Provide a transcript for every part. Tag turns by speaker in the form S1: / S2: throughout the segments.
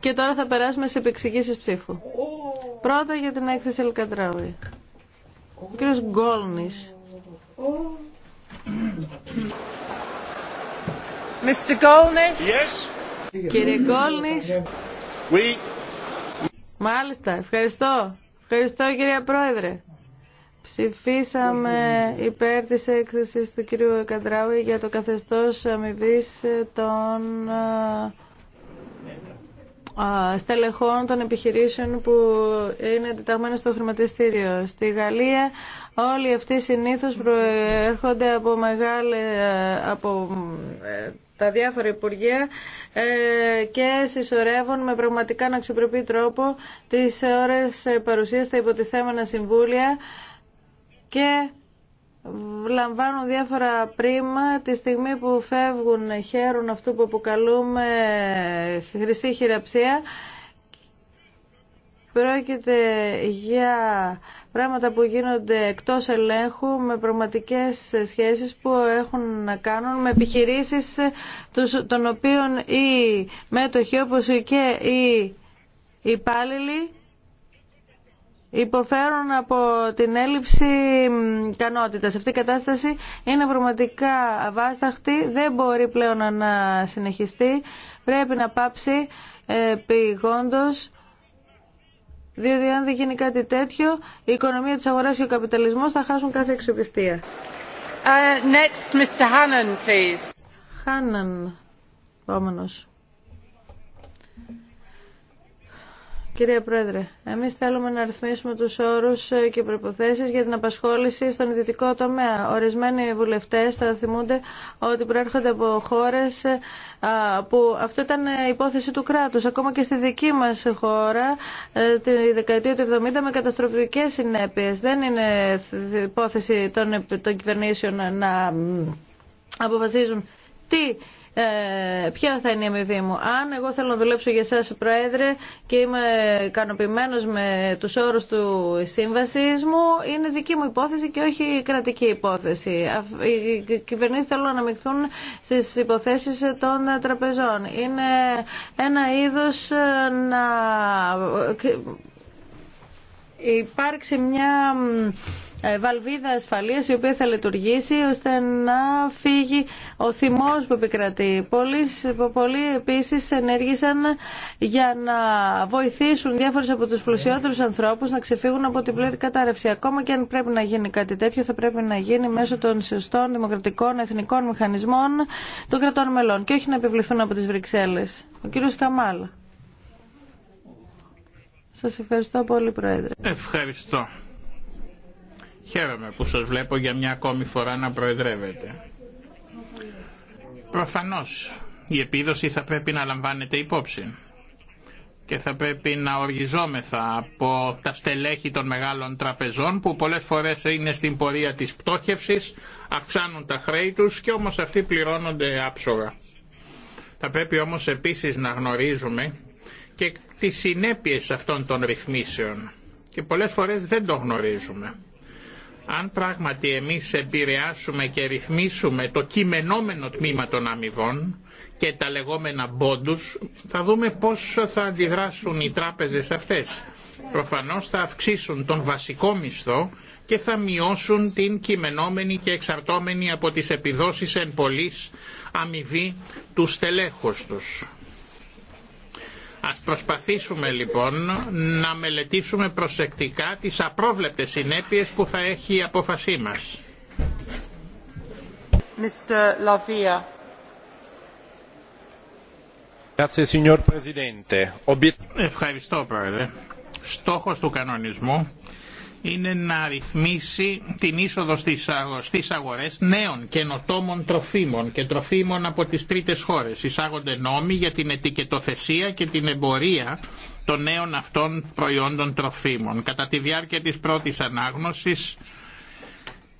S1: Και τώρα θα περάσουμε σε επεξηγήσεις ψήφου. Πρώτο για την έκθεση Λουκαντράουι. Ο κύριος Γκόλνις.
S2: Κύριε Γκόλνις.
S1: Μάλιστα, ευχαριστώ. Ευχαριστώ κυρία Πρόεδρε. Ψηφίσαμε υπέρ της έκθεσης του κυρίου Καντράουι για το καθεστώς αμοιβή των ε, στελεχών των επιχειρήσεων που είναι εντεταγμένε στο χρηματιστήριο. Στη Γαλλία όλοι αυτοί συνήθως προέρχονται από μεγάλε, από ε, τα διάφορα υπουργεία ε, και συσσωρεύουν με πραγματικά αναξιοπρεπή τρόπο τις ώρες παρουσίας στα υποτιθέμενα συμβούλια και λαμβάνουν διάφορα πρίμα τη στιγμή που φεύγουν, χαίρουν αυτού που αποκαλούμε χρυσή χειραψία. Πρόκειται για πράγματα που γίνονται εκτός ελέγχου με πραγματικές σχέσεις που έχουν να κάνουν με επιχειρήσεις των οποίων οι μέτοχοι όπως και οι υπάλληλοι υποφέρουν από την έλλειψη ικανότητας. Αυτή η κατάσταση είναι πραγματικά αβάσταχτη, δεν μπορεί πλέον να συνεχιστεί, πρέπει να πάψει ε, πηγόντως, διότι αν δεν γίνει κάτι τέτοιο, η οικονομία της αγοράς και ο καπιταλισμός θα χάσουν κάθε εξοπιστία. Uh, next, Mr. Hannan, please. Hannan, Κυρία Πρόεδρε, εμείς θέλουμε να ρυθμίσουμε τους όρους και προποθέσει για την απασχόληση στον ιδιωτικό τομέα. Ορισμένοι βουλευτές θα θυμούνται ότι προέρχονται από χώρες που αυτό ήταν υπόθεση του κράτους. Ακόμα και στη δική μας χώρα, στη ε, δεκαετία του 70, με καταστροφικές συνέπειες. Δεν είναι υπόθεση των, των κυβερνήσεων να αποφασίζουν τι ε, ποια θα είναι η αμοιβή μου. Αν εγώ θέλω να δουλέψω για εσάς Πρόεδρε και είμαι ικανοποιημένος με τους όρους του σύμβαση μου, είναι δική μου υπόθεση και όχι κρατική υπόθεση. Οι κυβερνήσεις θέλουν να μειχθούν στις υποθέσεις των τραπεζών. Είναι ένα είδος ε, να υπάρξει μια ε, βαλβίδα ασφαλείας η οποία θα λειτουργήσει ώστε να φύγει ο θυμός που επικρατεί. Πολλοί, πολλοί επίσης ενέργησαν για να βοηθήσουν διάφορες από τους πλουσιότερους ανθρώπους να ξεφύγουν από την πλήρη κατάρρευση. Ακόμα και αν πρέπει να γίνει κάτι τέτοιο θα πρέπει να γίνει μέσω των σωστών δημοκρατικών εθνικών μηχανισμών των κρατών μελών και όχι να επιβληθούν από τις Βρυξέλλες. Ο κύριος Καμάλα. Σας ευχαριστώ πολύ Πρόεδρε.
S2: Ευχαριστώ. Χαίρομαι που σας βλέπω για μια ακόμη φορά να προεδρεύετε. Προφανώς η επίδοση θα πρέπει να λαμβάνεται υπόψη και θα πρέπει να οργιζόμεθα από τα στελέχη των μεγάλων τραπεζών που πολλές φορές είναι στην πορεία της πτώχευσης, αυξάνουν τα χρέη τους και όμως αυτοί πληρώνονται άψογα. Θα πρέπει όμως επίσης να γνωρίζουμε και τις συνέπειες αυτών των ρυθμίσεων και πολλές φορές δεν το γνωρίζουμε. Αν πράγματι εμείς επηρεάσουμε και ρυθμίσουμε το κειμενόμενο τμήμα των αμοιβών και τα λεγόμενα μπόντους, θα δούμε πώς θα αντιδράσουν οι τράπεζες αυτές. Προφανώς θα αυξήσουν τον βασικό μισθό και θα μειώσουν την κειμενόμενη και εξαρτώμενη από τις επιδόσεις εν αμοιβή τους τελέχους τους Ας προσπαθήσουμε λοιπόν να μελετήσουμε προσεκτικά τις απρόβλεπτες συνέπειες που θα έχει η απόφασή μας. Ευχαριστώ, Πρόεδρε. Στόχος του κανονισμού είναι να ρυθμίσει την είσοδο στις αγορές νέων καινοτόμων τροφίμων και τροφίμων από τις τρίτες χώρες. Εισάγονται νόμοι για την ετικετοθεσία και την εμπορία των νέων αυτών προϊόντων τροφίμων. Κατά τη διάρκεια της πρώτης ανάγνωσης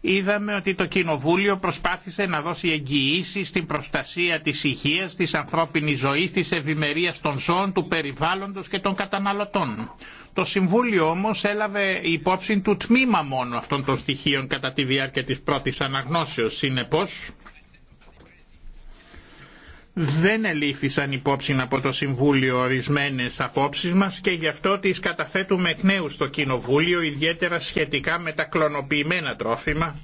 S2: είδαμε ότι το Κοινοβούλιο προσπάθησε να δώσει εγγυήσει στην προστασία της υγείας, της ανθρώπινης ζωής, της ευημερία των ζώων, του περιβάλλοντος και των καταναλωτών. Το Συμβούλιο όμως έλαβε υπόψη του τμήμα μόνο αυτών των στοιχείων κατά τη διάρκεια της πρώτης αναγνώσεως. Συνεπώς, δεν ελήφθησαν υπόψη από το Συμβούλιο ορισμένε απόψει μας και γι' αυτό τις καταθέτουμε εκ νέου στο Κοινοβούλιο, ιδιαίτερα σχετικά με τα κλωνοποιημένα τρόφιμα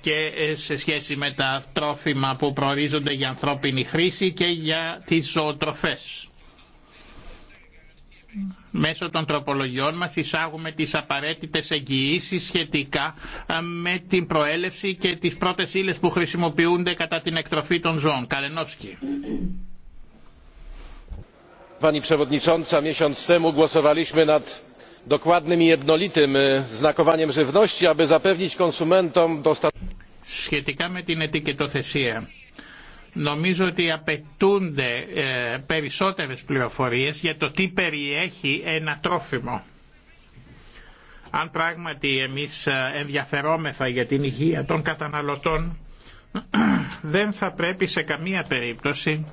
S2: και ε, σε σχέση με τα τρόφιμα που προορίζονται για ανθρώπινη χρήση και για τις ζωοτροφές μέσω των τροπολογιών μας εισάγουμε τις απαραίτητες εγγυήσει σχετικά ε, με την προέλευση και τις πρώτες ύλες που χρησιμοποιούνται κατά την εκτροφή των ζώων. Καλενόφσκι. Pani Przewodnicząca, miesiąc temu głosowaliśmy nad dokładnym i jednolitym e, znakowaniem żywności, aby zapewnić konsumentom dostęp. Σχετικά με την ετικετοθεσία Νομίζω ότι απαιτούνται ε, περισσότερες πληροφορίες για το τι περιέχει ένα τρόφιμο. Αν πράγματι εμείς ε, ενδιαφερόμεθα για την υγεία των καταναλωτών, δεν θα πρέπει σε καμία περίπτωση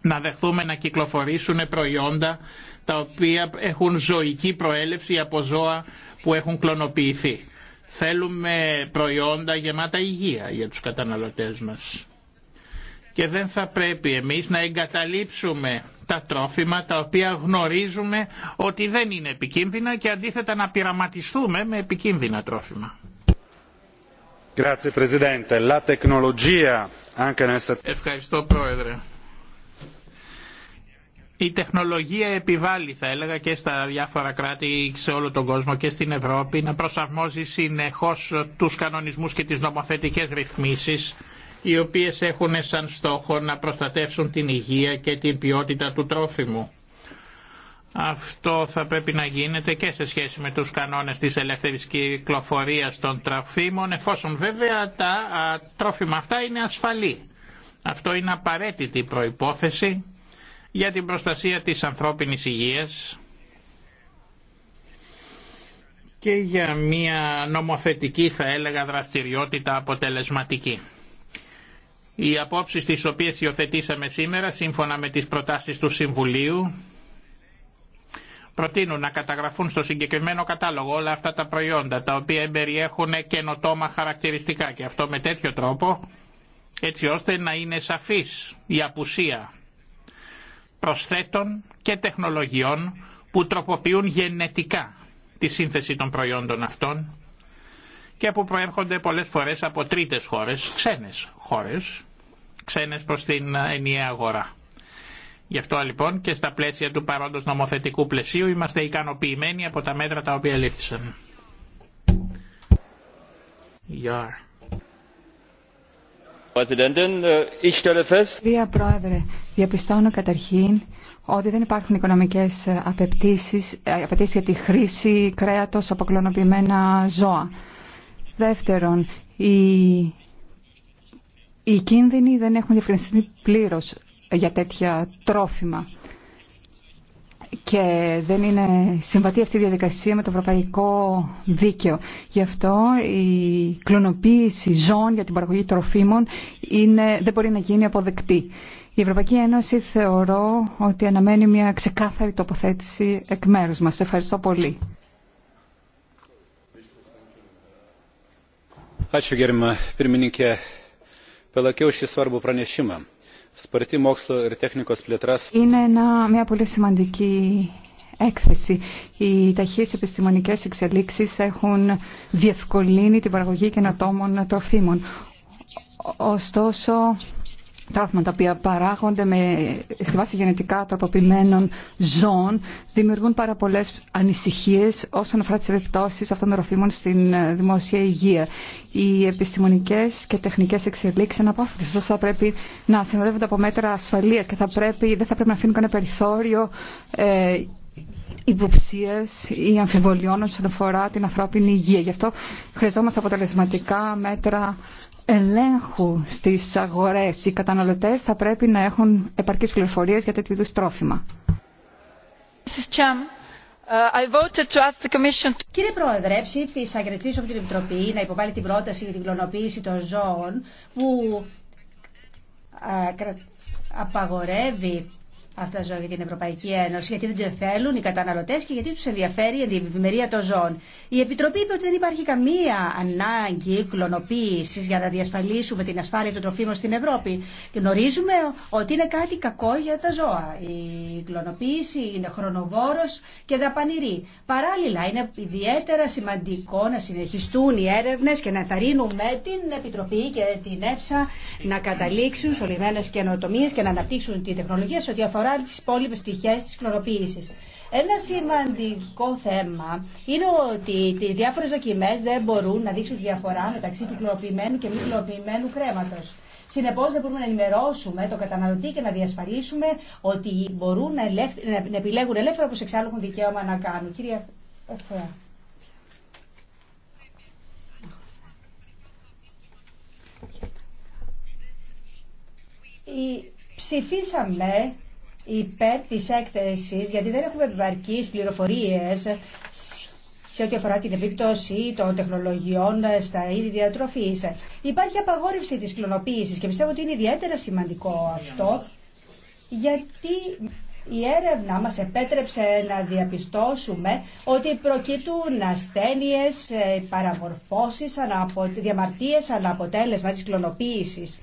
S2: να δεχθούμε να κυκλοφορήσουν προϊόντα τα οποία έχουν ζωική προέλευση από ζώα που έχουν κλωνοποιηθεί. Θέλουμε προϊόντα γεμάτα υγεία για τους καταναλωτές μας και δεν θα πρέπει εμείς να εγκαταλείψουμε τα τρόφιμα τα οποία γνωρίζουμε ότι δεν είναι επικίνδυνα και αντίθετα να πειραματιστούμε με επικίνδυνα τρόφιμα. Ευχαριστώ Πρόεδρε. Η τεχνολογία επιβάλλει, θα έλεγα, και στα διάφορα κράτη, σε όλο τον κόσμο και στην Ευρώπη, να προσαρμόζει συνεχώς τους κανονισμούς και τις νομοθετικές ρυθμίσεις οι οποίες έχουν σαν στόχο να προστατεύσουν την υγεία και την ποιότητα του τρόφιμου. Αυτό θα πρέπει να γίνεται και σε σχέση με τους κανόνες της ελεύθερης κυκλοφορίας των τροφίμων, εφόσον βέβαια τα τρόφιμα αυτά είναι ασφαλή. Αυτό είναι απαραίτητη προϋπόθεση για την προστασία της ανθρώπινης υγείας και για μια νομοθετική θα έλεγα δραστηριότητα αποτελεσματική. Οι απόψεις τις οποίες υιοθετήσαμε σήμερα σύμφωνα με τις προτάσεις του Συμβουλίου προτείνουν να καταγραφούν στο συγκεκριμένο κατάλογο όλα αυτά τα προϊόντα τα οποία εμπεριέχουν καινοτόμα χαρακτηριστικά και αυτό με τέτοιο τρόπο έτσι ώστε να είναι σαφής η απουσία προσθέτων και τεχνολογιών που τροποποιούν γενετικά τη σύνθεση των προϊόντων αυτών και που προέρχονται πολλές φορές από τρίτες χώρες, ξένες χώρες, ξένες προς την ε, ενιαία αγορά. Γι' αυτό λοιπόν και στα πλαίσια του παρόντος νομοθετικού πλαισίου είμαστε ικανοποιημένοι από τα μέτρα τα οποία λήφθησαν. Ε, Κυρία Πρόεδρε,
S3: διαπιστώνω καταρχήν ότι δεν υπάρχουν οικονομικές ε, απαιτήσεις, απαιτήσεις για τη χρήση κρέατος από κλωνοποιημένα ζώα. Δεύτερον, οι, οι κίνδυνοι δεν έχουν διευκρινιστεί πλήρως για τέτοια τρόφιμα και δεν είναι συμβατή αυτή η διαδικασία με το ευρωπαϊκό δίκαιο. Γι' αυτό η κλωνοποίηση ζώων για την παραγωγή τροφίμων είναι, δεν μπορεί να γίνει αποδεκτή. Η Ευρωπαϊκή Ένωση θεωρώ ότι αναμένει μια ξεκάθαρη τοποθέτηση εκ μέρους μας. Ευχαριστώ πολύ. Είναι μια πολύ σημαντική έκθεση. Οι ταχύες επιστημονικές εξελίξεις έχουν διευκολύνει την παραγωγή καινοτόμων τροφίμων. Ωστόσο, τα που που παράγονται με, στη βάση γενετικά τροποποιημένων ζώων δημιουργούν πάρα πολλέ ανησυχίε όσον αφορά τι επιπτώσει αυτών των ροφήμων στην ε, δημόσια υγεία. Οι επιστημονικέ και τεχνικέ εξελίξει είναι ωστόσο θα πρέπει να συνοδεύονται από μέτρα ασφαλεία και θα πρέπει, δεν θα πρέπει να αφήνουν κανένα περιθώριο ε, υποψίες ή αμφιβολιών όσον αφορά την ανθρώπινη υγεία. Γι' αυτό χρειαζόμαστε αποτελεσματικά μέτρα ελέγχου στις αγορές. Οι καταναλωτές θα πρέπει να έχουν επαρκείς πληροφορίες για τέτοιου είδους τρόφιμα.
S4: Uh, Κύριε Πρόεδρε, ψήφισα και ρετήσω από την Επιτροπή να υποβάλει την πρόταση για την κλωνοποίηση των ζώων που uh, απαγορεύει αυτά τα ζώα για την Ευρωπαϊκή Ένωση, γιατί δεν το θέλουν οι καταναλωτέ και γιατί του ενδιαφέρει η ευημερία των ζώων. Η Επιτροπή είπε ότι δεν υπάρχει καμία ανάγκη κλωνοποίηση για να διασφαλίσουμε την ασφάλεια του τροφίμων στην Ευρώπη. Γνωρίζουμε ότι είναι κάτι κακό για τα ζώα. Η κλωνοποίηση είναι χρονοβόρο και δαπανηρή. Παράλληλα, είναι ιδιαίτερα σημαντικό να συνεχιστούν οι έρευνε και να ενθαρρύνουμε την Επιτροπή και την ΕΦΣΑ να καταλήξουν σωλημένε καινοτομίε και να αναπτύξουν τη τεχνολογία ό,τι αφορά αφορά τις υπόλοιπες της Ένα σημαντικό θέμα είναι ότι οι διάφορες δοκιμές δεν μπορούν να δείξουν διαφορά μεταξύ του κλωνοποιημένου και μη κλωνοποιημένου κρέματος. Συνεπώς δεν μπορούμε να ενημερώσουμε το καταναλωτή και να διασφαλίσουμε ότι μπορούν να, να επιλέγουν ελεύθερα όπως εξάλλου έχουν δικαίωμα να κάνουν. Κυρία ψηφίσαμε υπέρ τη έκθεση, γιατί δεν έχουμε επιβαρκεί πληροφορίες σε ό,τι αφορά την επίπτωση των τεχνολογιών στα είδη διατροφή. Υπάρχει απαγόρευση της κλωνοποίηση και πιστεύω ότι είναι ιδιαίτερα σημαντικό αυτό, γιατί η έρευνα μας επέτρεψε να διαπιστώσουμε ότι προκύπτουν ασθένειες, παραμορφώσεις, διαμαρτίες αναποτέλεσμα της κλωνοποίησης.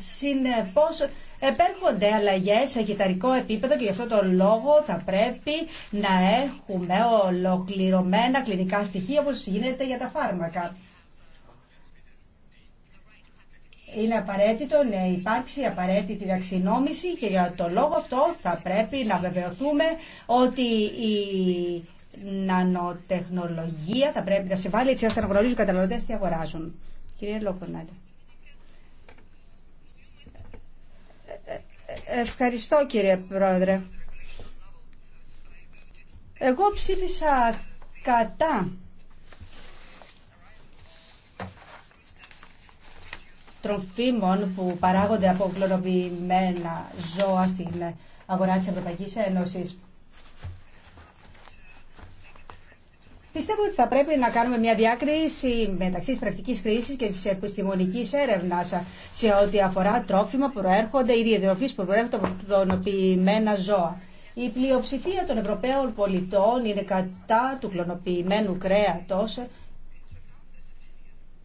S4: Συνεπώ επέρχονται αλλαγές σε κυταρικό επίπεδο και γι' αυτό το λόγο θα πρέπει να έχουμε ολοκληρωμένα κλινικά στοιχεία όπω γίνεται για τα φάρμακα. Είναι απαραίτητο να υπάρξει απαραίτητη ταξινόμηση και για το λόγο αυτό θα πρέπει να βεβαιωθούμε ότι η νανοτεχνολογία θα πρέπει να συμβάλλει έτσι ώστε να γνωρίζουν οι καταναλωτέ τι αγοράζουν. Κύριε Ευχαριστώ κύριε Πρόεδρε. Εγώ ψήφισα κατά τροφίμων που παράγονται από κλωνοποιημένα ζώα στην αγορά της Ευρωπαϊκής Ένωσης. Πιστεύω ότι θα πρέπει να κάνουμε μια διάκριση μεταξύ τη πρακτική χρήση και τη επιστημονική έρευνα σε ό,τι αφορά τρόφιμα που προέρχονται ή διατροφή που προέρχονται από κλωνοποιημένα ζώα. Η πλειοψηφία των Ευρωπαίων πολιτών είναι κατά του κλωνοποιημένου κρέατος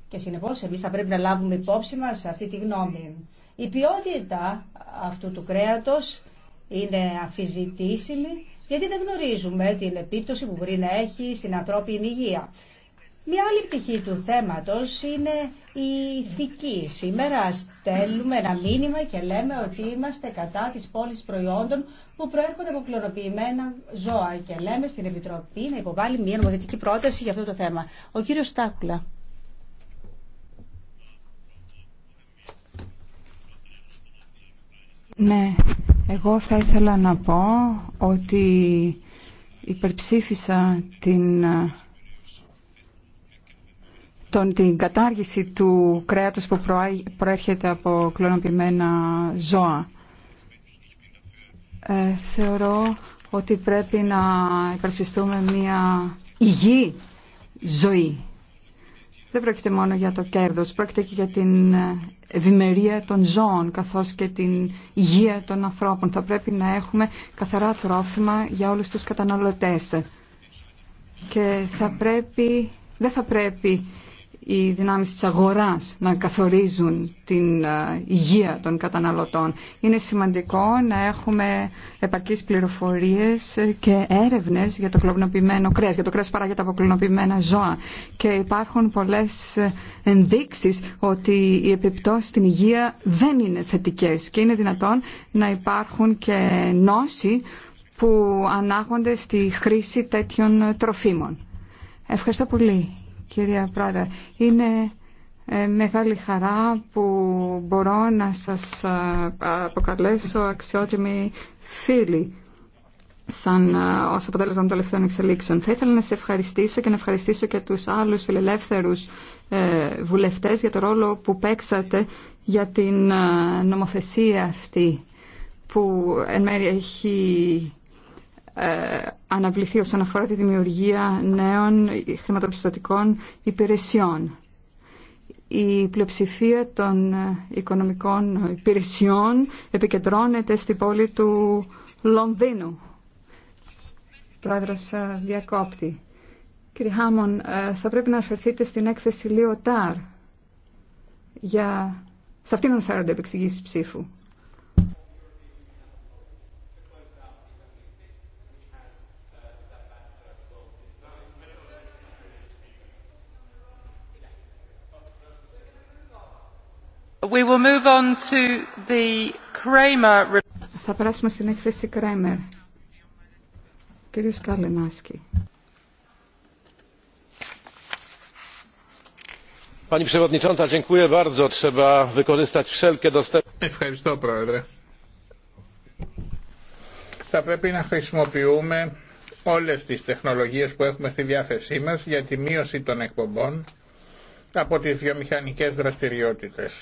S4: και συνεπώς εμείς θα πρέπει να λάβουμε υπόψη μας αυτή τη γνώμη. Η ποιότητα αυτού του κλωνοποιημενου κρέατο. και συνεπω εμεί θα πρεπει είναι αφισβητήσιμη γιατί δεν γνωρίζουμε την επίπτωση που μπορεί να έχει στην ανθρώπινη υγεία. Μια άλλη πτυχή του θέματος είναι η ηθική. Σήμερα στέλνουμε ένα μήνυμα και λέμε ότι είμαστε κατά της πόλης προϊόντων που προέρχονται από κλωνοποιημένα ζώα και λέμε στην Επιτροπή να υποβάλει μια νομοθετική πρόταση για αυτό το θέμα. Ο κύριος Στάκουλα.
S3: Ναι, εγώ θα ήθελα να πω ότι υπερψήφισα την, τον, την κατάργηση του κρέατος που προέρχεται από κλωνοποιημένα ζώα. Ε, θεωρώ ότι πρέπει να υπερψηφιστούμε μια υγιή ζωή δεν πρόκειται μόνο για το κέρδος, πρόκειται και για την ευημερία των ζώων καθώς και την υγεία των ανθρώπων. Θα πρέπει να έχουμε καθαρά τρόφιμα για όλους τους καταναλωτές. Και θα πρέπει, δεν θα πρέπει οι δυνάμεις της αγοράς να καθορίζουν την ε, υγεία των καταναλωτών. Είναι σημαντικό να έχουμε επαρκείς πληροφορίες και έρευνες για το κλωνοποιημένο κρέας, για το κρέας παρά για τα αποκλεινοποιημένα ζώα. Και υπάρχουν πολλές ενδείξεις ότι οι επιπτώσεις στην υγεία δεν είναι θετικές και είναι δυνατόν να υπάρχουν και νόσοι που ανάγονται στη χρήση τέτοιων τροφίμων. Ευχαριστώ πολύ κυρία Πράδα, Είναι ε, μεγάλη χαρά που μπορώ να σας ε, αποκαλέσω αξιότιμοι φίλοι σαν ε, ως αποτέλεσμα των τελευταίων εξελίξεων. Θα ήθελα να σε ευχαριστήσω και να ευχαριστήσω και τους άλλους φιλελεύθερους βουλευτές για το ρόλο που παίξατε για την νομοθεσία αυτή που εν μέρει έχει ε, αναβληθεί όσον αφορά τη δημιουργία νέων χρηματοπιστωτικών υπηρεσιών. Η πλειοψηφία των ε, οικονομικών υπηρεσιών επικεντρώνεται στην πόλη του Λονδίνου. Πρόεδρος ε, Διακόπτη. Κύριε Χάμον, θα πρέπει να αναφερθείτε στην έκθεση Λιωτάρ. Για... Σε αυτήν αναφέρονται επεξηγήσεις ψήφου. Θα περάσουμε στην έκθεση Κρέμερ. Κύριος Καλενάσκη.
S2: Pani Przewodnicząca, dziękuję bardzo. Trzeba wykorzystać wszelkie Ευχαριστώ, Πρόεδρε. Θα πρέπει να χρησιμοποιούμε όλες τις τεχνολογίες που έχουμε στη διάθεσή μας για τη μείωση των εκπομπών από τις βιομηχανικές δραστηριότητες.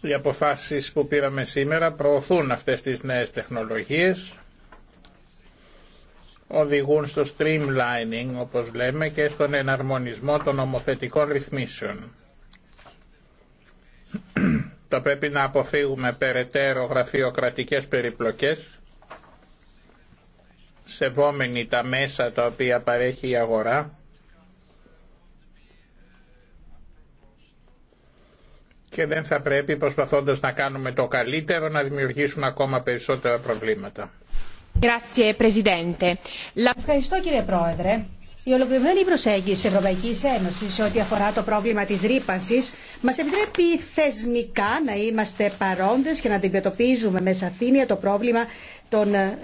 S2: Οι αποφάσεις που πήραμε σήμερα προωθούν αυτές τις νέες τεχνολογίες, οδηγούν στο streamlining, όπως λέμε, και στον εναρμονισμό των ομοθετικών ρυθμίσεων. Θα πρέπει να αποφύγουμε περαιτέρω γραφειοκρατικές περιπλοκές, σεβόμενοι τα μέσα τα οποία παρέχει η αγορά, και δεν θα πρέπει προσπαθώντας να κάνουμε το καλύτερο να δημιουργήσουμε ακόμα περισσότερα προβλήματα.
S4: Ευχαριστώ κύριε Πρόεδρε. Η ολοκληρωμένη προσέγγιση τη Ευρωπαϊκή Ένωση σε ό,τι αφορά το πρόβλημα τη ρήπανση μα επιτρέπει θεσμικά να είμαστε παρόντε και να αντιμετωπίζουμε με σαφήνεια το πρόβλημα των ε,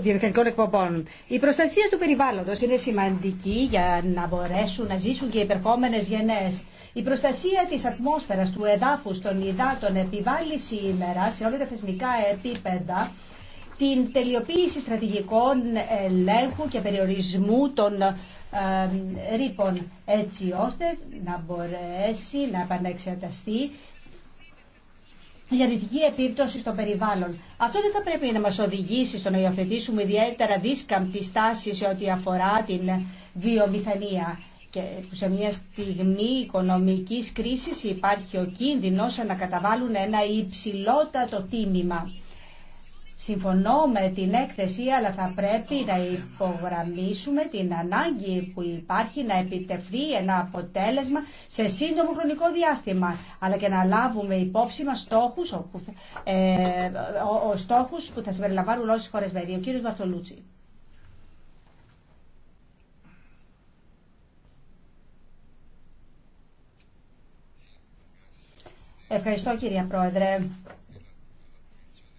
S4: βιομηχανικών εκπομπών. Η προστασία του περιβάλλοντος είναι σημαντική για να μπορέσουν να ζήσουν και οι υπερχόμενες γενναίες. Η προστασία της ατμόσφαιρας, του εδάφους, των υδάτων επιβάλλει σήμερα σε όλα τα θεσμικά επίπεδα την τελειοποίηση στρατηγικών ελέγχου και περιορισμού των ε, ρήπων έτσι ώστε να μπορέσει να επανεξεταστεί η αρνητική επίπτωση στο περιβάλλον. Αυτό δεν θα πρέπει να μας οδηγήσει στο να υιοθετήσουμε ιδιαίτερα δίσκαμπτη στάση σε ό,τι αφορά την βιομηχανία. Και σε μια στιγμή οικονομικής κρίσης υπάρχει ο κίνδυνος να καταβάλουν ένα υψηλότατο τίμημα. Συμφωνώ με την έκθεση, αλλά θα πρέπει να υπογραμμίσουμε την ανάγκη που υπάρχει να επιτευχθεί ένα αποτέλεσμα σε σύντομο χρονικό διάστημα, αλλά και να λάβουμε υπόψη μας στόχους, όπου, ε, στόχους που θα συμπεριλαμβάνουν όλες τις χώρες Ο κύριος Βαρθολούτσι. Ευχαριστώ κύριε Πρόεδρε.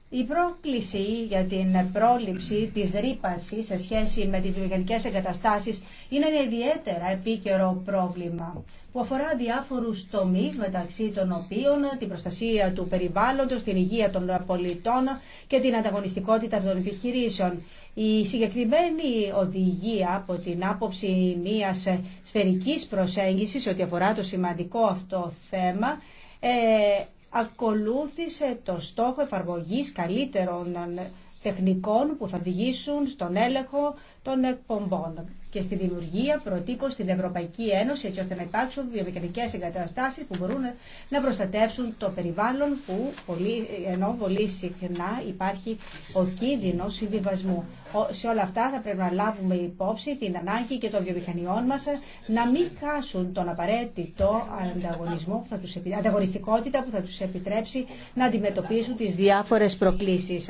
S4: Η πρόκληση για την πρόληψη της ρήπαση σε σχέση με τις βιομηχανικές εγκαταστάσεις είναι ένα ιδιαίτερα επίκαιρο πρόβλημα που αφορά διάφορους τομείς μεταξύ των οποίων την προστασία του περιβάλλοντος, την υγεία των πολιτών και την ανταγωνιστικότητα των επιχειρήσεων. Η συγκεκριμένη οδηγία από την άποψη μιας σφαιρικής προσέγγισης ό,τι αφορά το σημαντικό αυτό θέμα ε, ακολούθησε το στόχο εφαρμογής καλύτερων τεχνικών που θα οδηγήσουν στον έλεγχο των εκπομπών και στη δημιουργία προτύπων στην Ευρωπαϊκή Ένωση έτσι ώστε να υπάρξουν βιομηχανικές εγκαταστάσεις που μπορούν να προστατεύσουν το περιβάλλον που πολύ, ενώ πολύ συχνά υπάρχει ο κίνδυνο συμβιβασμού. Σε όλα αυτά θα πρέπει να λάβουμε υπόψη την ανάγκη και των βιομηχανιών μας να μην χάσουν τον απαραίτητο ανταγωνισμό που θα τους, ανταγωνιστικότητα που θα τους επιτρέψει να αντιμετωπίσουν τις διάφορες προκλήσεις.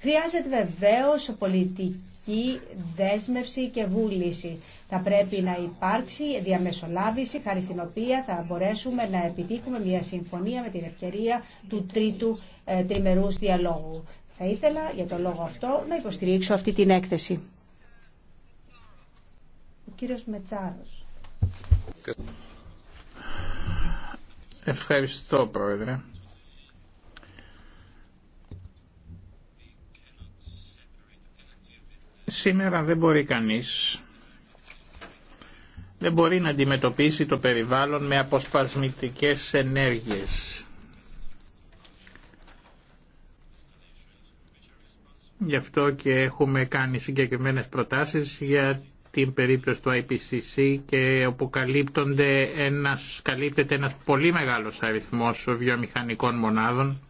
S4: Χρειάζεται βεβαίως πολιτική δέσμευση και βούληση. Θα πρέπει να υπάρξει διαμεσολάβηση, χάρη στην οποία θα μπορέσουμε να επιτύχουμε μια συμφωνία με την ευκαιρία του τρίτου ε, τριμερούς διαλόγου. Θα ήθελα για τον λόγο αυτό να υποστηρίξω αυτή την έκθεση. Ο κύριος Μετσάρος.
S2: Ευχαριστώ, Πρόεδρε. Σήμερα δεν μπορεί κανείς, δεν μπορεί να αντιμετωπίσει το περιβάλλον με αποσπασμητικές ενέργειες. Γι' αυτό και έχουμε κάνει συγκεκριμένες προτάσεις για την περίπτωση του IPCC και όπου ένας, καλύπτεται ένας πολύ μεγάλος αριθμός βιομηχανικών μονάδων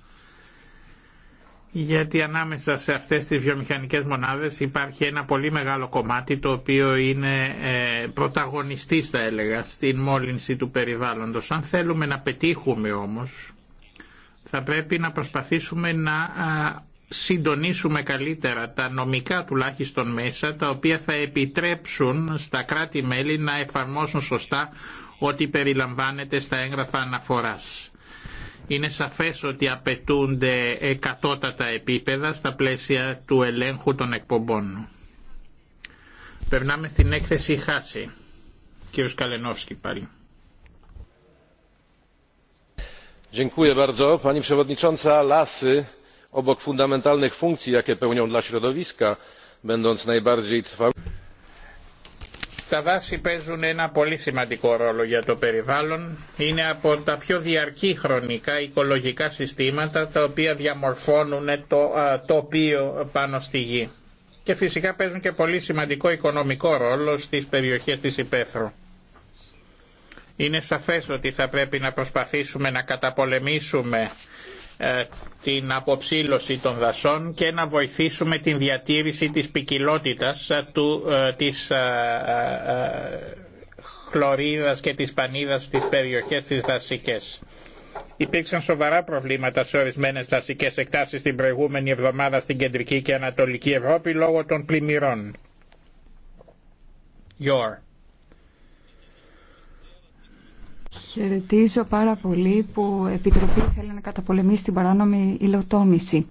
S2: γιατί ανάμεσα σε αυτές τις βιομηχανικές μονάδες υπάρχει ένα πολύ μεγάλο κομμάτι το οποίο είναι ε, πρωταγωνιστής θα έλεγα στην μόλυνση του περιβάλλοντος. Αν θέλουμε να πετύχουμε όμως θα πρέπει να προσπαθήσουμε να συντονίσουμε καλύτερα τα νομικά τουλάχιστον μέσα τα οποία θα επιτρέψουν στα κράτη-μέλη να εφαρμόσουν σωστά ό,τι περιλαμβάνεται στα έγγραφα αναφοράς είναι σαφές ότι απαιτούνται εκατότατα επίπεδα στα πλαίσια του ελέγχου των εκπομπών. Περνάμε στην έκθεση Χάση. Κύριος Καλενόφσκι πάλι. Dziękuję bardzo. Pani Przewodnicząca,
S5: lasy obok fundamentalnych funkcji, jakie pełnią dla środowiska, będąc
S2: najbardziej trwałe. Τα δάση παίζουν ένα πολύ σημαντικό ρόλο για το περιβάλλον. Είναι από τα πιο διαρκή χρονικά οικολογικά συστήματα τα οποία διαμορφώνουν το τοπίο πάνω στη γη. Και φυσικά παίζουν και πολύ σημαντικό οικονομικό ρόλο στις περιοχές της Υπέθρου. Είναι σαφές ότι θα πρέπει να προσπαθήσουμε να καταπολεμήσουμε ε, την αποψήλωση των δασών και να βοηθήσουμε την διατήρηση της ποικιλότητα ε, του, ε, της χλωρίδας και της πανίδας στις περιοχές της δασικές. Υπήρξαν σοβαρά προβλήματα σε ορισμένε δασικέ εκτάσει την προηγούμενη εβδομάδα στην κεντρική και ανατολική Ευρώπη λόγω των πλημμυρών. Your.
S3: Χαιρετίζω πάρα πολύ που η Επιτροπή θέλει να καταπολεμήσει την παράνομη υλοτόμηση.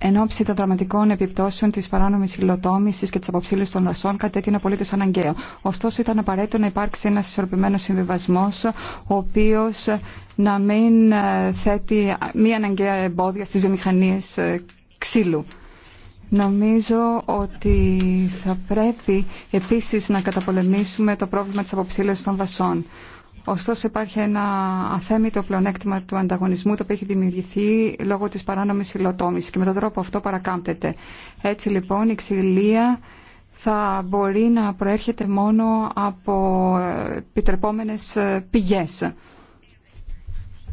S3: Εν ώψη των δραματικών επιπτώσεων τη παράνομη υλοτόμηση και τη αποψήλωση των δασών, κάτι τέτοιο είναι απολύτω αναγκαίο. Ωστόσο, ήταν απαραίτητο να υπάρξει ένα ισορροπημένο συμβιβασμό, ο οποίο να μην ε, θέτει μη αναγκαία εμπόδια στι βιομηχανίε ε, ξύλου. Νομίζω ότι θα πρέπει επίσης να καταπολεμήσουμε το πρόβλημα της αποψήλωσης των δασών. Ωστόσο υπάρχει ένα αθέμητο πλεονέκτημα του ανταγωνισμού το οποίο έχει δημιουργηθεί λόγω της παράνομης υλοτόμησης και με τον τρόπο αυτό παρακάμπτεται. Έτσι λοιπόν η ξυλία θα μπορεί να προέρχεται μόνο από επιτρεπόμενες πηγές.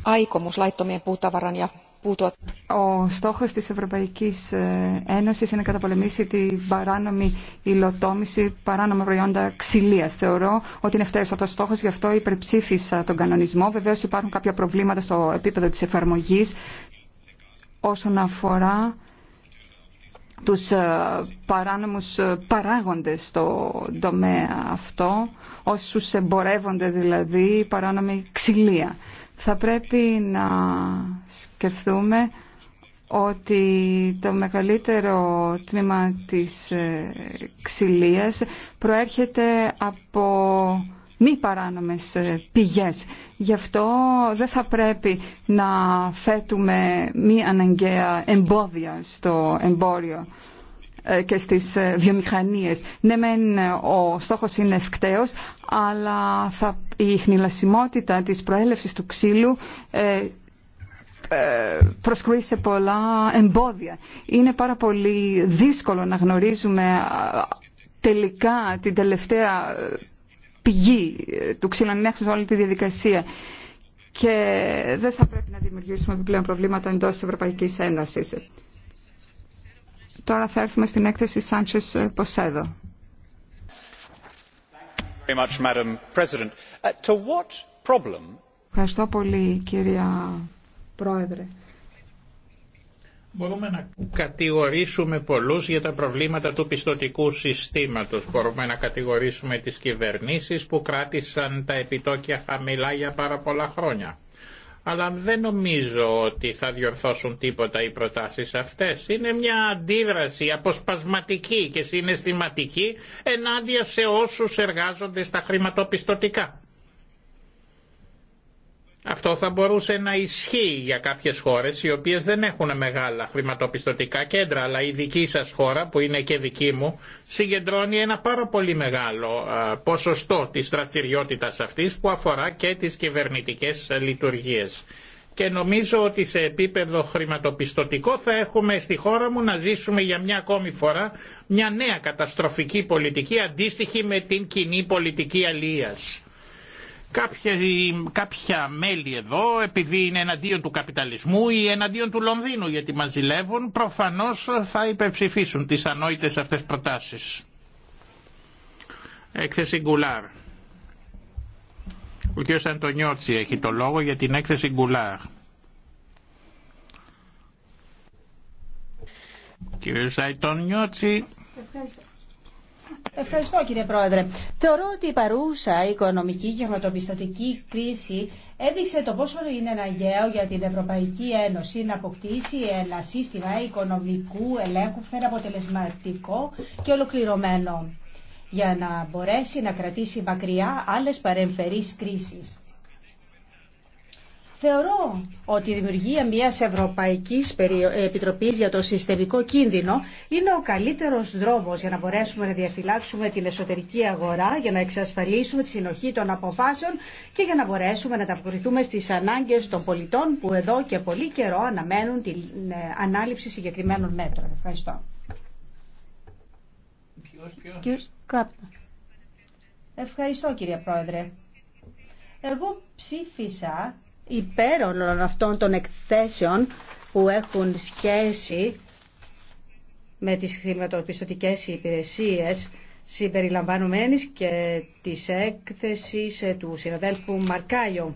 S3: Aikomus laittomien ο στόχος της Ευρωπαϊκής ε, Ένωσης είναι να καταπολεμήσει την παράνομη υλοτόμηση παράνομα προϊόντα ξυλίας. Θεωρώ ότι είναι φταίος αυτός ο στόχος, γι' αυτό υπερψήφισα τον κανονισμό. Βεβαίως υπάρχουν κάποια προβλήματα στο επίπεδο της εφαρμογής όσον αφορά τους ε, παράνομους ε, παράγοντες στο τομέα αυτό, όσους εμπορεύονται δηλαδή παράνομη ξυλία θα πρέπει να σκεφτούμε ότι το μεγαλύτερο τμήμα της ε, ξυλίας προέρχεται από μη παράνομες ε, πηγές. Γι' αυτό δεν θα πρέπει να θέτουμε μη αναγκαία εμπόδια στο εμπόριο. Ε, και στις ε, βιομηχανίες. Ναι μεν ε, ο στόχος είναι ευκταίος, αλλά θα, η χνηλασιμότητα της προέλευσης του ξύλου προσκρούει σε πολλά εμπόδια. Είναι πάρα πολύ δύσκολο να γνωρίζουμε τελικά την τελευταία πηγή του ξύλου, σε όλη τη διαδικασία και δεν θα πρέπει να δημιουργήσουμε επιπλέον προβλήματα εντός της Ευρωπαϊκής Ένωσης. Τώρα θα έρθουμε στην έκθεση Sanchez ε, Ποσέδο. Uh, Ευχαριστώ πολύ κυρία Πρόεδρε.
S2: Μπορούμε να κατηγορήσουμε πολλούς για τα προβλήματα του πιστοτικού συστήματος. Μπορούμε να κατηγορήσουμε τις κυβερνήσεις που κράτησαν τα επιτόκια χαμηλά για πάρα πολλά χρόνια αλλά δεν νομίζω ότι θα διορθώσουν τίποτα οι προτάσεις αυτές. Είναι μια αντίδραση αποσπασματική και συναισθηματική ενάντια σε όσους εργάζονται στα χρηματοπιστωτικά. Αυτό θα μπορούσε να ισχύει για κάποιες χώρες οι οποίες δεν έχουν μεγάλα χρηματοπιστωτικά κέντρα, αλλά η δική σας χώρα που είναι και δική μου συγκεντρώνει ένα πάρα πολύ μεγάλο ποσοστό της δραστηριότητας αυτής που αφορά και τις κυβερνητικές λειτουργίες. Και νομίζω ότι σε επίπεδο χρηματοπιστωτικό θα έχουμε στη χώρα μου να ζήσουμε για μια ακόμη φορά μια νέα καταστροφική πολιτική αντίστοιχη με την κοινή πολιτική αλίας Κάποια, κάποια μέλη εδώ, επειδή είναι εναντίον του καπιταλισμού ή εναντίον του Λονδίνου γιατί μας ζηλεύουν, προφανώς θα υπερψηφίσουν τις ανόητες αυτές προτάσεις. Έκθεση Γκουλάρ. Ο κ. Αντωνιώτση έχει το λόγο για την έκθεση Γκουλάρ. Κύριε Αντωνιώτση.
S4: Ευχαριστώ κύριε Πρόεδρε. Θεωρώ ότι η παρούσα οικονομική και χρηματοπιστωτική κρίση έδειξε το πόσο είναι αναγκαίο για την Ευρωπαϊκή Ένωση να αποκτήσει ένα σύστημα οικονομικού ελέγχου που αποτελεσματικό και ολοκληρωμένο για να μπορέσει να κρατήσει μακριά άλλες παρεμφερείς κρίσεις. Θεωρώ ότι η δημιουργία μιας Ευρωπαϊκής Επιτροπής για το συστημικό κίνδυνο είναι ο καλύτερος δρόμος για να μπορέσουμε να διαφυλάξουμε την εσωτερική αγορά, για να εξασφαλίσουμε τη συνοχή των αποφάσεων και για να μπορέσουμε να ταποκριθούμε στις ανάγκες των πολιτών που εδώ και πολύ καιρό αναμένουν την ε, ανάληψη συγκεκριμένων μέτρων. Ευχαριστώ. Ευχαριστώ κύριε Πρόεδρε. Εγώ ψήφισα υπέρ όλων αυτών των εκθέσεων που έχουν σχέση με τις χρηματοπιστωτικές υπηρεσίες συμπεριλαμβανομένης και της έκθεσης του συναδέλφου Μαρκάιο.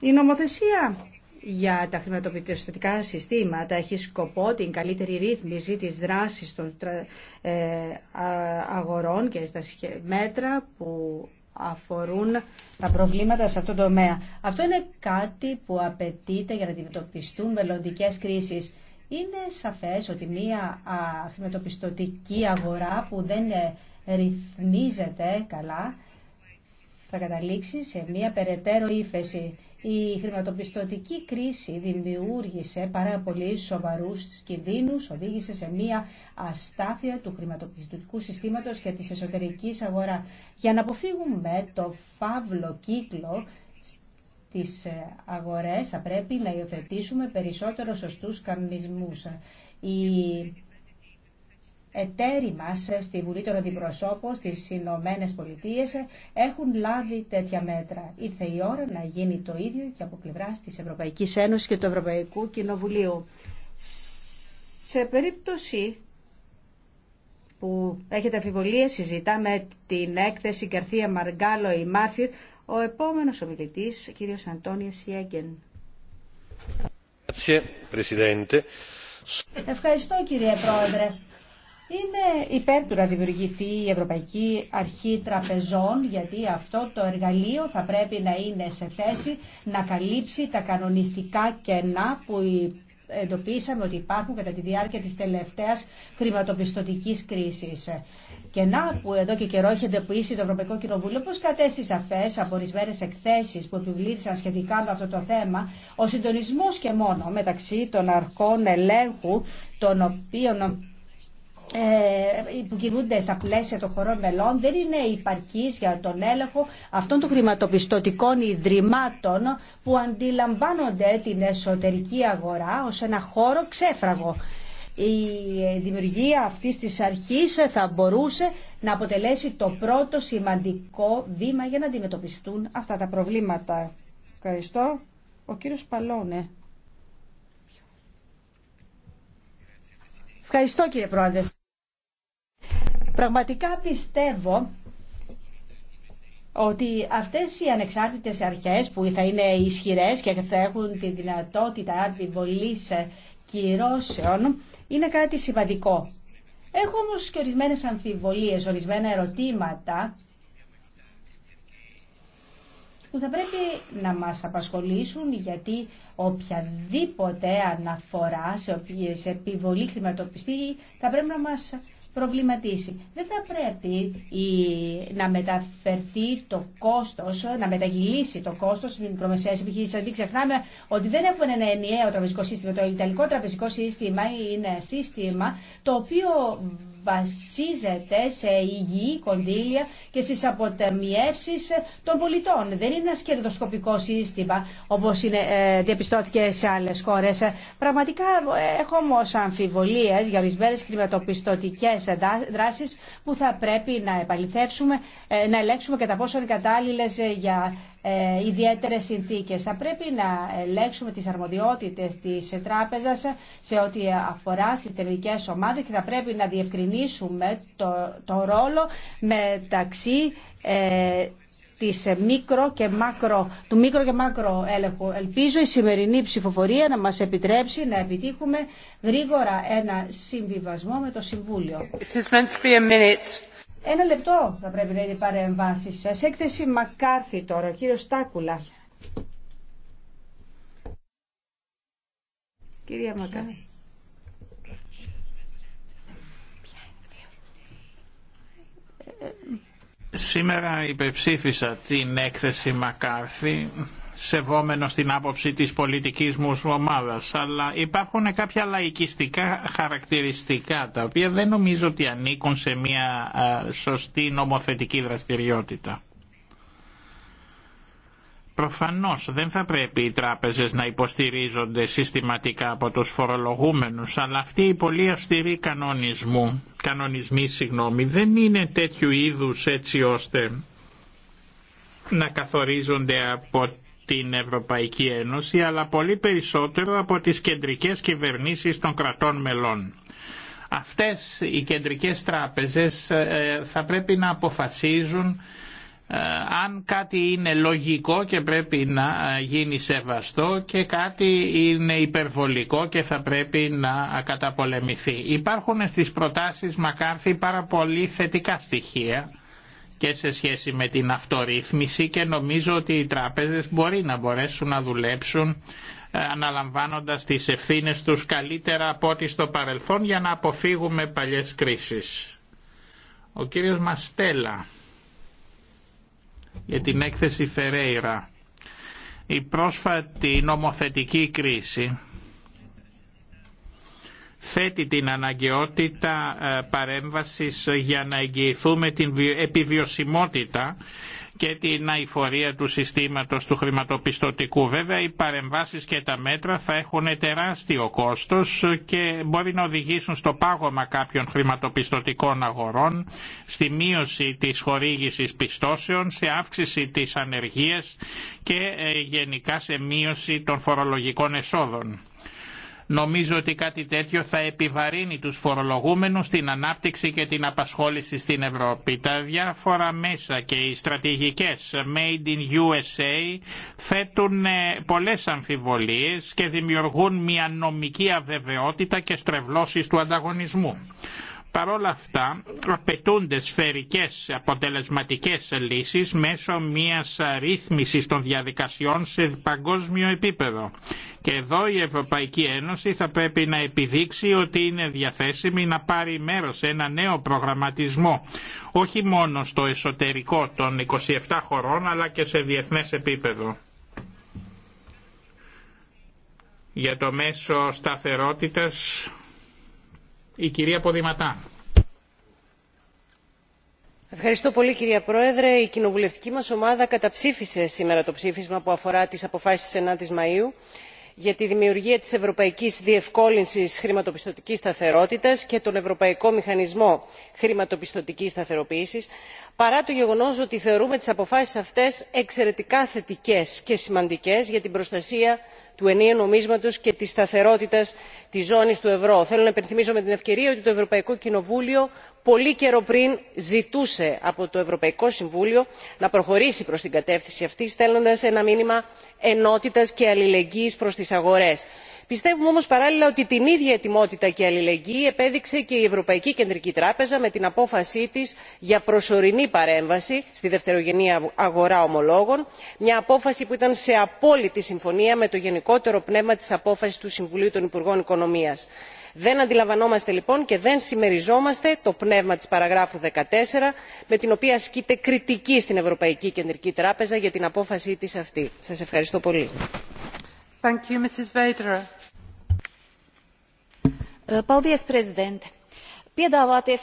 S4: Η νομοθεσία για τα χρηματοπιστωτικά συστήματα έχει σκοπό την καλύτερη ρύθμιση της δράσης των ε, αγορών και στα μέτρα που αφορούν τα προβλήματα σε αυτό το τομέα. Αυτό είναι κάτι που απαιτείται για να αντιμετωπιστούν μελλοντικέ κρίσεις. Είναι σαφές ότι μια χρηματοπιστωτική αγορά που δεν ε, ρυθμίζεται καλά θα καταλήξει σε μια περαιτέρω ύφεση. Η χρηματοπιστωτική κρίση δημιούργησε πάρα πολύ σοβαρούς κινδύνους, οδήγησε σε μία αστάθεια του χρηματοπιστωτικού συστήματος και της εσωτερικής αγορά. Για να αποφύγουμε το φαύλο κύκλο τις ε, αγορές θα πρέπει να υιοθετήσουμε περισσότερο σωστούς καμισμού. Η εταίροι μας στη Βουλή των Αντιπροσώπων στις Ηνωμένε Πολιτείε έχουν λάβει τέτοια μέτρα. Ήρθε η ώρα να γίνει το ίδιο και από πλευρά της Ευρωπαϊκής Ένωσης και του Ευρωπαϊκού Κοινοβουλίου. Σε περίπτωση που έχετε αφιβολία, συζητάμε την έκθεση Καρθία Μαργκάλο ή Μάρφυρ, ο επόμενος ομιλητής, κύριος Αντώνιος Σιέγγεν. Ευχαριστώ κύριε Πρόεδρε. Είναι υπέρ του να δημιουργηθεί η Ευρωπαϊκή Αρχή Τραπεζών, γιατί αυτό το εργαλείο θα πρέπει να είναι σε θέση να καλύψει τα κανονιστικά κενά που εντοπίσαμε ότι υπάρχουν κατά τη διάρκεια της τελευταίας χρηματοπιστωτικής κρίσης. Κενά που εδώ και καιρό έχει εντεπίσει το Ευρωπαϊκό Κοινοβούλιο, όπω κατέστησε σαφέ από ορισμένε εκθέσει που επιβλήθησαν σχετικά με αυτό το θέμα, ο συντονισμό και μόνο μεταξύ των αρχών ελέγχου, των οποίων ε, που κινούνται στα πλαίσια των χωρών μελών δεν είναι υπαρκή για τον έλεγχο αυτών των χρηματοπιστωτικών ιδρυμάτων που αντιλαμβάνονται την εσωτερική αγορά ως ένα χώρο ξέφραγο. Η δημιουργία αυτής της αρχής θα μπορούσε να αποτελέσει το πρώτο σημαντικό βήμα για να αντιμετωπιστούν αυτά τα προβλήματα. Ευχαριστώ. Ο κύριος Παλώνε. Ευχαριστώ κύριε Πρόεδρε. Πραγματικά πιστεύω ότι αυτές οι ανεξάρτητες αρχές που θα είναι ισχυρές και θα έχουν τη δυνατότητα αντιβολής κυρώσεων είναι κάτι σημαντικό. Έχω όμως και ορισμένες αμφιβολίες, ορισμένα ερωτήματα που θα πρέπει να μας απασχολήσουν γιατί οποιαδήποτε αναφορά σε επιβολή χρηματοπιστή θα πρέπει να μας προβληματίσει. Δεν θα πρέπει η, να μεταφερθεί το κόστος, να μεταγυλήσει το κόστος στις μικρομεσαίες επιχείρησεις. Μην ξεχνάμε ότι δεν έχουμε ένα ενιαίο τραπεζικό σύστημα. Το Ιταλικό τραπεζικό σύστημα είναι σύστημα το οποίο βασίζεται σε υγιή κονδύλια και στις αποταμιεύσεις των πολιτών. Δεν είναι ένα σκερδοσκοπικό σύστημα όπως είναι, ε, διαπιστώθηκε σε άλλες χώρες. Πραγματικά ε, έχω όμω αμφιβολίες για ορισμένε χρηματοπιστωτικέ δράσεις που θα πρέπει να επαληθεύσουμε, ε, να ελέγξουμε κατά πόσο είναι κατάλληλες για ε, ιδιαίτερες συνθήκες. Θα πρέπει να ελέγξουμε τις αρμοδιότητες της τράπεζας σε ό,τι αφορά στις τελικές ομάδες και θα πρέπει να διευκρινίσουμε το, το ρόλο μεταξύ ε, της μικρο και μακρο, του μικρο και μακρο Ελπίζω η σημερινή ψηφοφορία να μας επιτρέψει να επιτύχουμε γρήγορα ένα συμβιβασμό με το Συμβούλιο. Ένα λεπτό θα πρέπει να είναι η παρέμβαση σα. Έκθεση Μακάρθη τώρα, Κύριο Στάκουλα. Κυρία Μακάρθη.
S2: Σήμερα υπεψήφισα την έκθεση Μακάρθη σεβόμενος την άποψη της πολιτικής μου ομάδας, αλλά υπάρχουν κάποια λαϊκιστικά χαρακτηριστικά τα οποία δεν νομίζω ότι ανήκουν σε μια σωστή νομοθετική δραστηριότητα. Προφανώς δεν θα πρέπει οι τράπεζες να υποστηρίζονται συστηματικά από τους φορολογούμενους, αλλά αυτοί η πολύ αυστηροί κανονισμού, δεν είναι τέτοιου είδους έτσι ώστε να καθορίζονται από την Ευρωπαϊκή Ένωση αλλά πολύ περισσότερο από τις κεντρικές κυβερνήσεις των κρατών μελών. Αυτές οι κεντρικές τράπεζες ε, θα πρέπει να αποφασίζουν ε, αν κάτι είναι λογικό και πρέπει να ε, γίνει σεβαστό και κάτι είναι υπερβολικό και θα πρέπει να καταπολεμηθεί. Υπάρχουν στις προτάσεις Μακάρθη πάρα πολύ θετικά στοιχεία και σε σχέση με την αυτορύθμιση και νομίζω ότι οι τράπεζες μπορεί να μπορέσουν να δουλέψουν ε, αναλαμβάνοντας τις ευθύνες τους καλύτερα από ό,τι στο παρελθόν για να αποφύγουμε παλιές κρίσεις. Ο κύριος Μαστέλα για την έκθεση Φερέιρα. Η πρόσφατη νομοθετική κρίση θέτει την αναγκαιότητα ε, παρέμβασης για να εγγυηθούμε την επιβιωσιμότητα και την αηφορία του συστήματος του χρηματοπιστωτικού. Βέβαια οι παρεμβάσεις και τα μέτρα θα έχουν τεράστιο κόστος και μπορεί να οδηγήσουν στο πάγωμα κάποιων χρηματοπιστωτικών αγορών, στη μείωση της χορήγησης πιστώσεων, σε αύξηση της ανεργίας και ε, γενικά σε μείωση των φορολογικών εσόδων. Νομίζω ότι κάτι τέτοιο θα επιβαρύνει τους φορολογούμενους την ανάπτυξη και την απασχόληση στην Ευρώπη. Τα διάφορα μέσα και οι στρατηγικές Made in USA θέτουν ε, πολλές αμφιβολίες και δημιουργούν μια νομική αβεβαιότητα και στρεβλώσεις του ανταγωνισμού. Παρ' όλα αυτά απαιτούνται σφαιρικές αποτελεσματικές λύσεις μέσω μιας ρύθμισης των διαδικασιών σε παγκόσμιο επίπεδο. Και εδώ η Ευρωπαϊκή Ένωση θα πρέπει να επιδείξει ότι είναι διαθέσιμη να πάρει μέρος σε ένα νέο προγραμματισμό, όχι μόνο στο εσωτερικό των 27 χωρών αλλά και σε διεθνές επίπεδο για το μέσο σταθερότητας η κυρία Ποδηματά.
S5: Ευχαριστώ πολύ κυρία Πρόεδρε. Η κοινοβουλευτική μας ομάδα καταψήφισε σήμερα το ψήφισμα που αφορά τις αποφάσεις της 9ης Μαΐου για τη δημιουργία της ευρωπαϊκής διευκόλυνσης χρηματοπιστωτικής σταθερότητας και τον ευρωπαϊκό μηχανισμό χρηματοπιστωτικής σταθεροποίησης παρά το γεγονό ότι θεωρούμε τι αποφάσει αυτέ εξαιρετικά θετικέ και σημαντικέ για την προστασία του ενιαίου νομίσματος και τη σταθερότητα τη ζώνη του ευρώ. θέλω να υπενθυμίσω με την ευκαιρία ότι το ευρωπαϊκό κοινοβούλιο πολύ καιρό πριν ζητούσε από το ευρωπαϊκό συμβούλιο να προχωρήσει προ την κατεύθυνση αυτή στέλνοντα ένα μήνυμα ενότητα και αλληλεγγύη προ τι αγορέ. πιστεύουμε όμω παράλληλα ότι την ίδια ετοιμότητα και αλληλεγγύη επέδειξε και η ευρωπαϊκή κεντρική τράπεζα με την απόφασή τη για προσωρινή παρέμβαση στη δευτερογενή αγορά ομολόγων μια απόφαση που ήταν σε απόλυτη συμφωνία με το γενικότερο πνεύμα της απόφασης του συμβουλίου των υπουργών οικονομίας. δεν αντιλαμβανόμαστε λοιπόν και δεν συμμεριζόμαστε το πνεύμα της παραγράφου 14 με την οποία ασκείται κριτική στην ευρωπαϊκή κεντρική τράπεζα για την απόφασή της αυτή. σας ευχαριστώ πολύ
S3: piedāvātie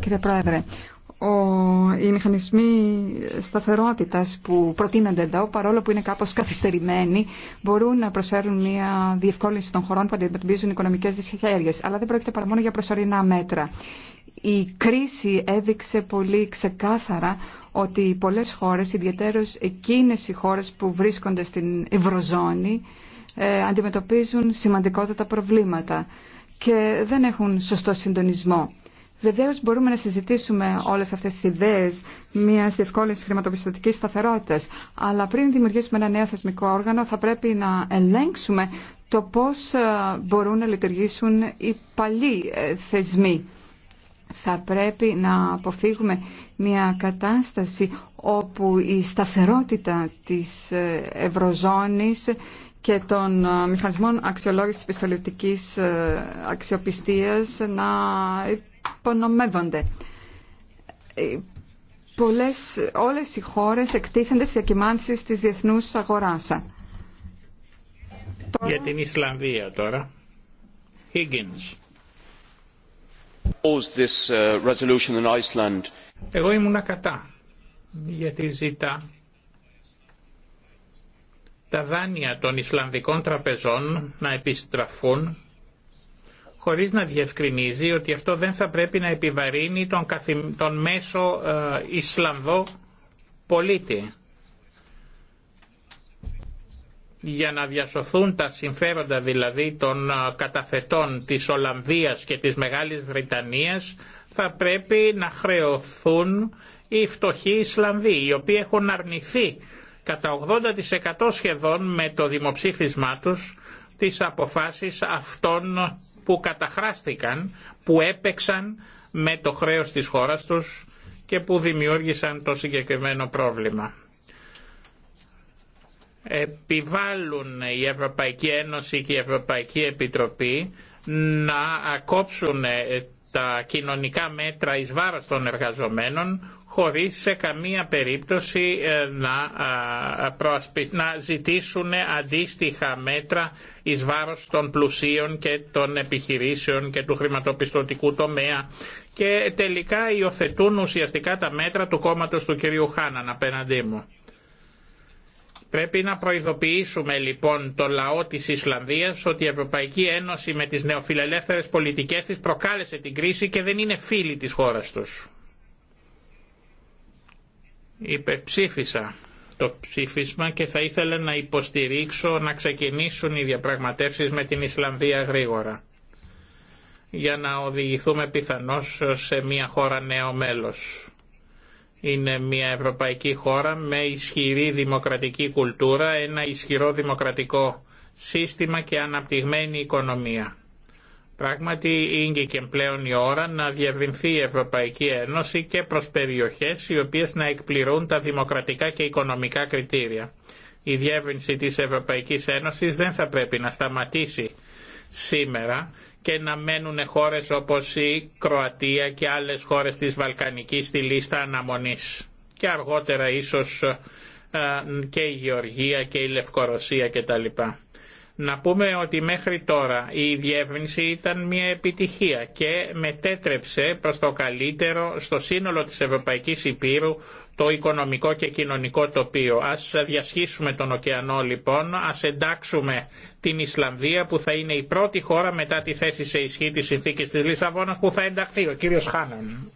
S3: Κύριε Πρόεδρε, οι μηχανισμοί σταθερότητας που προτείνονται εδώ, παρόλο που είναι κάπως καθυστερημένοι, μπορούν να προσφέρουν μια διευκόλυνση των χωρών που αντιμετωπίζουν οικονομικές δυσχέρειες. Αλλά δεν πρόκειται παρά μόνο για προσωρινά μέτρα. Η κρίση έδειξε πολύ ξεκάθαρα ότι πολλές χώρες, ιδιαίτερως εκείνες οι χώρες που βρίσκονται στην Ευρωζώνη, ε, αντιμετωπίζουν σημαντικότατα προβλήματα και δεν έχουν σωστό συντονισμό. Βεβαίως μπορούμε να συζητήσουμε όλες αυτές τις ιδέες μία διευκόλυνσης χρηματοπιστωτικής σταθερότητας, αλλά πριν δημιουργήσουμε ένα νέο θεσμικό όργανο θα πρέπει να ελέγξουμε το πώς ε, μπορούν να λειτουργήσουν οι παλιοί ε, θεσμοί. Θα πρέπει να αποφύγουμε μια κατάσταση όπου η σταθερότητα της Ευρωζώνης και των ε, μηχανισμών αξιολόγησης πιστοληπτικής ε, αξιοπιστίας να υπονομεύονται. Ε, πολλές, όλες οι χώρες εκτίθενται στις διακυμάνσεις της διεθνούς αγοράς.
S2: Για την Ισλανδία τώρα. Higgins. Εγώ ήμουνα κατά, γιατί ζητά τα δάνεια των Ισλανδικών τραπεζών να επιστραφούν χωρίς να διευκρινίζει ότι αυτό δεν θα πρέπει να επιβαρύνει τον, καθη... μέσο ε, Ισλανδό πολίτη. Για να διασωθούν τα συμφέροντα δηλαδή των ε, καταθετών της Ολλανδίας και της Μεγάλης Βρετανίας, θα πρέπει να χρεωθούν οι φτωχοί Ισλανδοί οι οποίοι έχουν αρνηθεί κατά 80% σχεδόν με το δημοψήφισμά τους τις αποφάσεις αυτών που καταχράστηκαν, που έπαιξαν με το χρέος της χώρας τους και που δημιούργησαν το συγκεκριμένο πρόβλημα. Επιβάλλουν η Ευρωπαϊκή Ένωση και η Ευρωπαϊκή Επιτροπή να ακόψουν τα κοινωνικά μέτρα εις βάρος των εργαζομένων χωρίς σε καμία περίπτωση ε, να, να ζητήσουν αντίστοιχα μέτρα εις βάρος των πλουσίων και των επιχειρήσεων και του χρηματοπιστωτικού τομέα και τελικά υιοθετούν ουσιαστικά τα μέτρα του κόμματος του κ. Χάναν απέναντί μου. Πρέπει να προειδοποιήσουμε λοιπόν το λαό της Ισλανδίας ότι η Ευρωπαϊκή Ένωση με τις νεοφιλελεύθερες πολιτικές της προκάλεσε την κρίση και δεν είναι φίλη της χώρας τους. Υπεψήφισα το ψήφισμα και θα ήθελα να υποστηρίξω να ξεκινήσουν οι διαπραγματεύσεις με την Ισλανδία γρήγορα για να οδηγηθούμε πιθανώς σε μια χώρα νέο μέλος είναι μια ευρωπαϊκή χώρα με ισχυρή δημοκρατική κουλτούρα, ένα ισχυρό δημοκρατικό σύστημα και αναπτυγμένη οικονομία. Πράγματι είναι και πλέον η ώρα να διευρυνθεί η Ευρωπαϊκή Ένωση και προς περιοχές οι οποίες να εκπληρούν τα δημοκρατικά και οικονομικά κριτήρια. Η διεύρυνση της Ευρωπαϊκής Ένωσης δεν θα πρέπει να σταματήσει σήμερα και να μένουν χώρες όπως η Κροατία και άλλες χώρες της Βαλκανικής στη λίστα αναμονής. Και αργότερα ίσως ε, και η Γεωργία και η Λευκορωσία κτλ. Να πούμε ότι μέχρι τώρα η διεύρυνση ήταν μια επιτυχία και μετέτρεψε προς το καλύτερο στο σύνολο της Ευρωπαϊκής Υπήρου το οικονομικό και κοινωνικό τοπίο. Ας διασχίσουμε τον ωκεανό λοιπόν, ας εντάξουμε την Ισλανδία που θα είναι η πρώτη χώρα μετά τη θέση σε ισχύ της συνθήκης της Λισαβόνας που θα ενταχθεί. Ο κύριος Χάναν.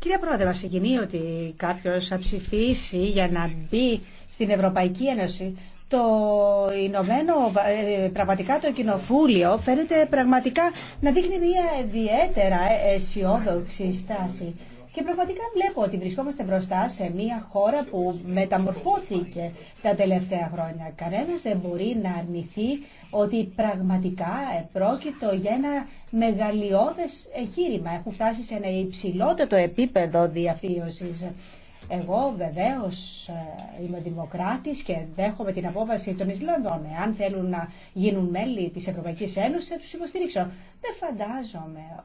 S4: Κύριε Πρόεδρε, μας συγκινεί ότι κάποιος θα ψηφίσει για να μπει στην Ευρωπαϊκή Ένωση το Ηνωμένο, ε, πραγματικά το κοινοφούλιο φαίνεται πραγματικά να δείχνει μια ιδιαίτερα αισιόδοξη στάση. Και πραγματικά βλέπω ότι βρισκόμαστε μπροστά σε μια χώρα που μεταμορφώθηκε τα τελευταία χρόνια. Κανένα δεν μπορεί να αρνηθεί ότι πραγματικά πρόκειται για ένα μεγαλειώδες εγχείρημα. Έχουν φτάσει σε ένα υψηλότερο επίπεδο διαφύωσης. Εγώ βεβαίω, ε, είμαι δημοκράτη και δέχομαι την απόφαση των Ισλανδών. Αν θέλουν να γίνουν μέλη της Ευρωπαϊκής Ένωσης θα του υποστηρίξω. Δεν φαντάζομαι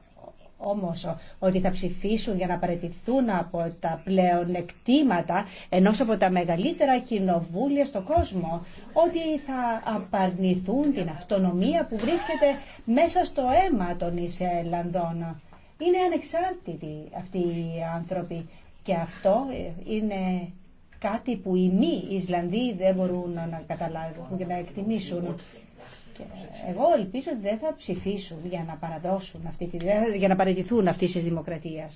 S4: όμω ότι θα ψηφίσουν για να παραιτηθούν από τα πλεονεκτήματα ενό από τα μεγαλύτερα κοινοβούλια στον κόσμο, ότι θα απαρνηθούν την αυτονομία που βρίσκεται μέσα στο αίμα των Ισλανδών. Είναι ανεξάρτητοι αυτοί οι άνθρωποι και αυτό ε, είναι κάτι που οι μη Ισλανδοί δεν μπορούν να καταλάβουν και να εκτιμήσουν. εγώ ελπίζω ότι δεν θα ψηφίσουν για να παραδώσουν αυτή τη, για να παραιτηθούν αυτή τη δημοκρατία.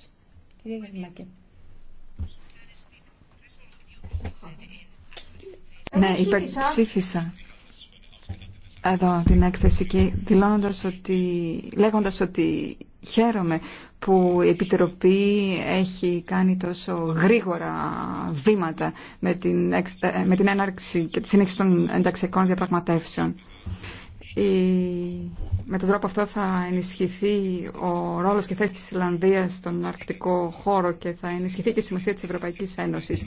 S3: Ναι, υπερψήφισα εδώ την έκθεση και δηλώνοντας ότι, λέγοντας ότι Χαίρομαι που η Επιτροπή έχει κάνει τόσο γρήγορα βήματα με την, ε, με την έναρξη και τη σύνεξη των ενταξιακών διαπραγματεύσεων. Η... Με τον τρόπο αυτό θα ενισχυθεί ο ρόλος και θέση της Ισλανδίας στον αρκτικό χώρο και θα ενισχυθεί και η σημασία της Ευρωπαϊκής Ένωσης.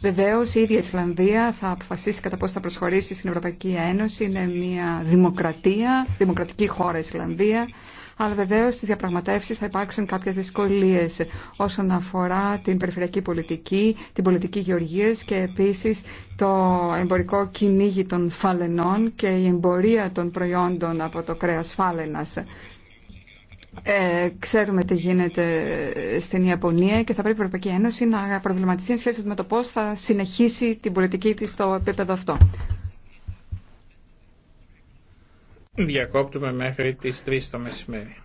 S3: Βεβαίως η ίδια η Ισλανδία θα αποφασίσει κατά πώς θα προσχωρήσει στην Ευρωπαϊκή Ένωση. Είναι μια δημοκρατία, δημοκρατική χώρα η Ισλανδία αλλά βεβαίως στις διαπραγματεύσεις θα υπάρξουν κάποιες δυσκολίες όσον αφορά την περιφερειακή πολιτική, την πολιτική γεωργίας και επίσης το εμπορικό κυνήγι των φαλενών και η εμπορία των προϊόντων από το κρέας φάλενας. Ε, ξέρουμε τι γίνεται στην Ιαπωνία και θα πρέπει η Ευρωπαϊκή Ένωση να προβληματιστεί σχέση με το πώς θα συνεχίσει την πολιτική της στο επίπεδο αυτό.
S2: Διακόπτουμε μέχρι τις 3 το μεσημέρι.